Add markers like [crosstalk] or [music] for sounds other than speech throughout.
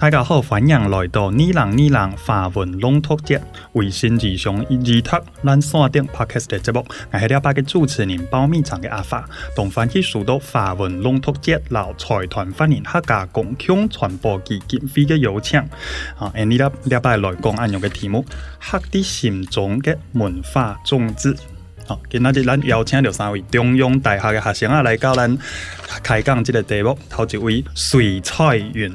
大家好，歡迎來到《你人你人》法文朗讀節，為新日常而讀。咱山頂 p a r t 嘅節目，我係呢一禮拜的主持人包米長的阿華，同翻去受到法文朗讀節老財團法人客家共享傳播基金會的邀請，啊，喺呢一禮拜來講一樣題目：客啲心中的文化種子。好，今日咱邀請到三位中央大、啊、大學的學生啊，嚟到咱開講呢個題目。頭一位隋彩雲。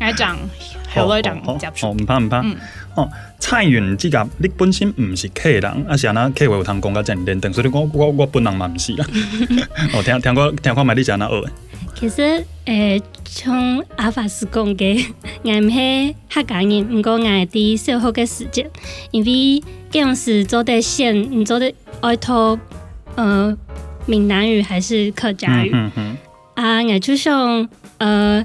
愛講，好愛講，唔怕唔怕。哦，蔡云這個，你本身唔是客人，阿是阿那客位有通講到正認真，所以講我我本人嘛唔是啦。哦， [laughs] 聽聽過，聽看賣你是安哪學的？其實，誒、呃，從阿法師講嘅，俺唔係客家人，唔過俺係啲少嘅時節，因為蓋時做得先，唔做得外托，呃，閩南語還是客家語、嗯嗯嗯、啊？俺就上，呃。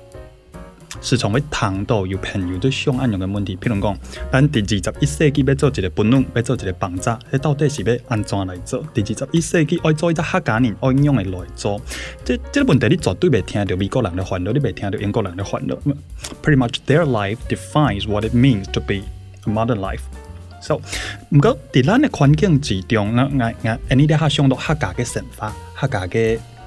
是場要談到有朋友對兩岸有個問題，譬如講，咱第二十一世紀要做一個本能，要做一個房宅，迄到底是要安怎來做？第二十一世紀愛做一隻客家人，愛用個來做。這這個問題你絕對袂聽到美國人的煩惱，你袂聽到英國人的煩惱。Pretty much their life defines what it means to be a modern life. So, 唔過在咱個環境之中，那那那你咧哈向到客家嘅想法，客家嘅。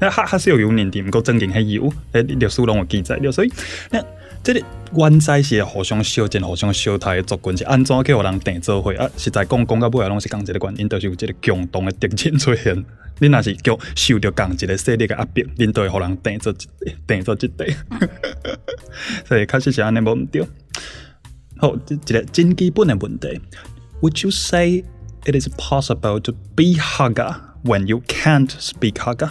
那哈哈是有油的，認定唔過正經迄油，誒，歷史攏有記載着，所以那即個原材是互相燒正、互相燒改的。作品是安怎去互人定做會？啊？實在講，講到尾攏是同一個原因，就是有一個共同的特徵出現。你那是叫受到同一個勢力的壓迫，你就會互人定做一、定做一哈，所以確實是安尼，冇唔對。好，即個真基本的問題。Would you say it is possible to be Hakka when you can't speak Hakka?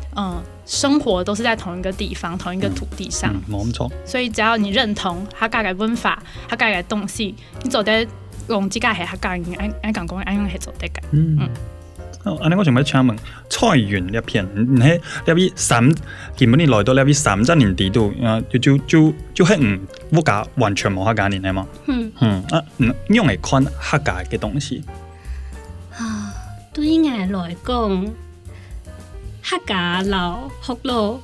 嗯，生活都是在同一個地方、同一個土地上，嗯嗯、沒錯。所以只要你認同客家嘅文化，嗯、客家嘅東西，你做得用自家係、嗯嗯嗯那個嗯、客家人，按按講講，按用係做得嘅。嗯，啊、那個，你我想問一問，菜園呢片，你喺那邊三，基本你來到那邊三十年度，就就就就係唔，物價完全冇客家人係嘛？嗯嗯啊，用嚟看客家嘅東西。啊，對我來講。客家老福佬，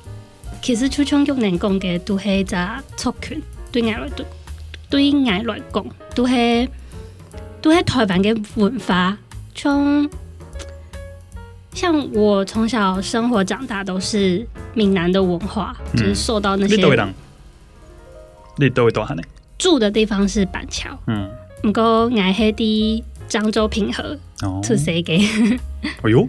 其實從中國人講嘅都係一個族群。對外來對對我來講，都係都係台灣嘅文化。從像我從小生活長大，都是閩南的文化，嗯，就是受到那些。你都會講？你都會講漢呢？住的地方是板橋，不，嗯、過我係滴漳州平和出世嘅。哎呦！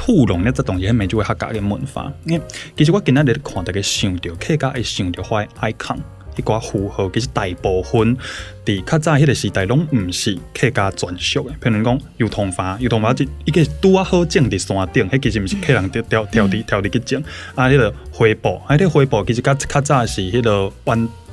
土龍，你只同時迄面就會客家嘅文化。其實我今仔日看，大家想着客家會想着遐 icon，迄些符號，其實大部分佇較早迄個時代攏唔是客家專屬嘅。比如講油桐花，油桐花即，伊個拄啊好種佇山頂，迄其實唔是客人釣釣釣佇釣佇去種、嗯。啊，迄、那個花布，啊，迄個花布其實較較早是迄個彎。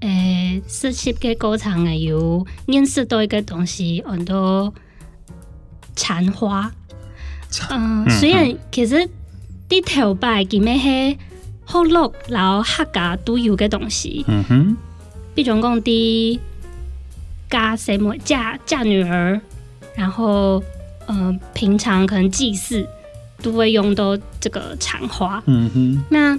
誒、欸，學習嘅過程係有，認識到一個東西，很多殘花。嗯，呃、雖然、嗯嗯、其實低頭拜佮咩係好老老客家都有嘅東西。嗯哼，比如講啲嫁什麼嫁嫁女兒，然後嗯平常可能祭祀都會用到這個殘花。嗯哼、嗯，那。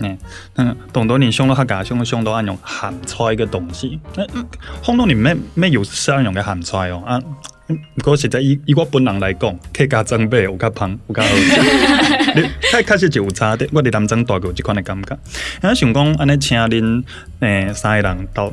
嗯，嗯，很多你上了客家，上了上到安尼鹹菜嘅東西，嗯，很多你咩咩有相用嘅鹹菜哦，啊，嗯，過實在以以我本人來講，客家粽比有較香，有較好食，哈哈哈哈哈，確實就有差啲，我佇南昌大個即款嘅感覺，啊、嗯，想講安尼請恁誒、欸、三個人到。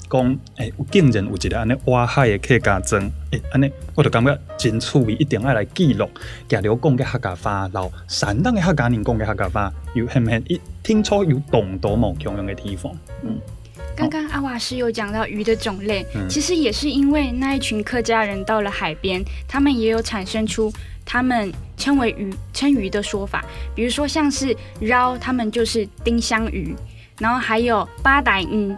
講誒、欸，有驚人有一個安尼挖海的客家莊誒，安、欸、尼我就感覺真趣味，一定要來記錄。甲流講嘅客家話，老山東嘅客家人講嘅客家話，有很很一聽出有很多唔相同嘅地方。嗯，剛剛阿瓦斯有講到魚的種類，嗯，其實也是因為那一群客家人到了海邊，他們也有產生出他們稱為魚稱魚的說法，比如說像是橈，他們就是丁香魚，然後還有八帶嗯。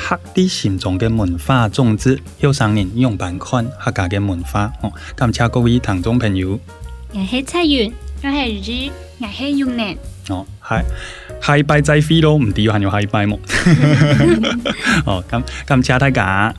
黑啲善種嘅文化種子，要三年用半款客家嘅文化。哦，感謝各位聽眾朋友，我係七元，我係二子，我係雲南。哦，係，係拜齋飛咯，唔知有冇人要拜麼？ [laughs] [laughs] 哦，咁，感謝大家。